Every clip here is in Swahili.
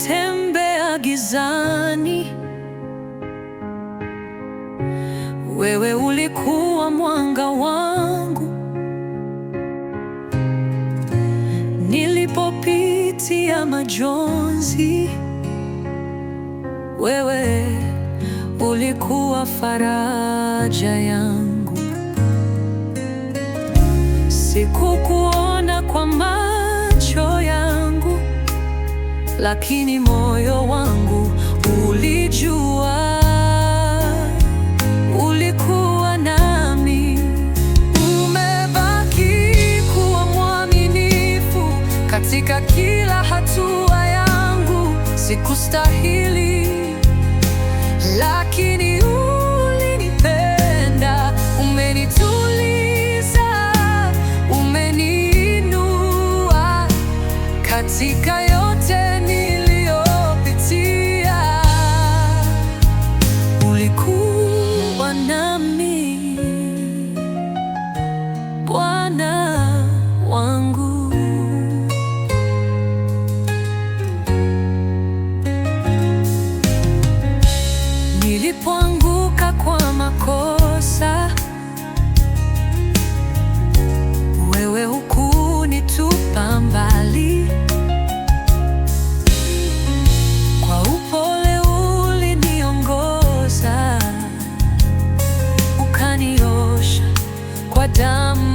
nimetembea gizani, wewe ulikuwa mwanga wangu. Nilipopitia majonzi, wewe ulikuwa faraja yangu. Sikukuona kwa ma lakini moyo wangu ulijua ulikuwa nami. Umebaki kuwa mwaminifu katika kila hatua yangu, sikustahili Bwana wangu. Nilipoanguka kwa makosa, wewe hukunitupa mbali, kwa upole uliniongoza, ukaniosha kwa damu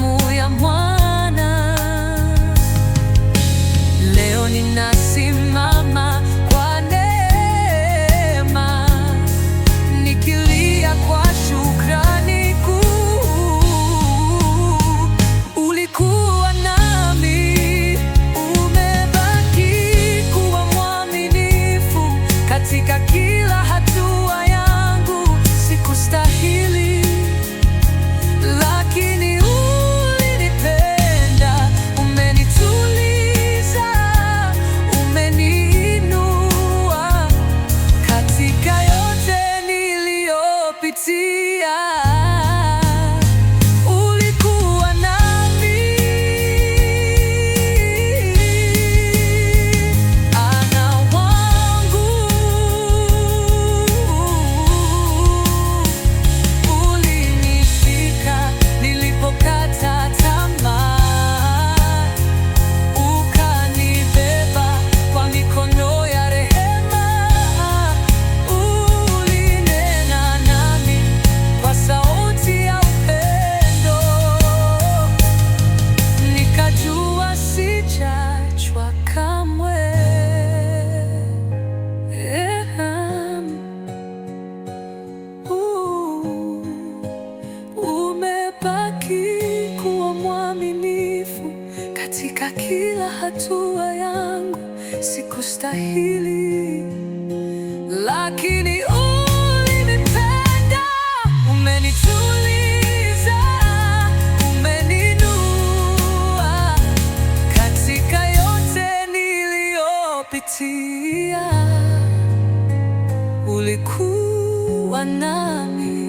mwaminifu katika kila hatua yangu. Sikustahili, lakini ulinipenda, umenituliza, umeninua katika yote niliyopitia, ulikuwa nami.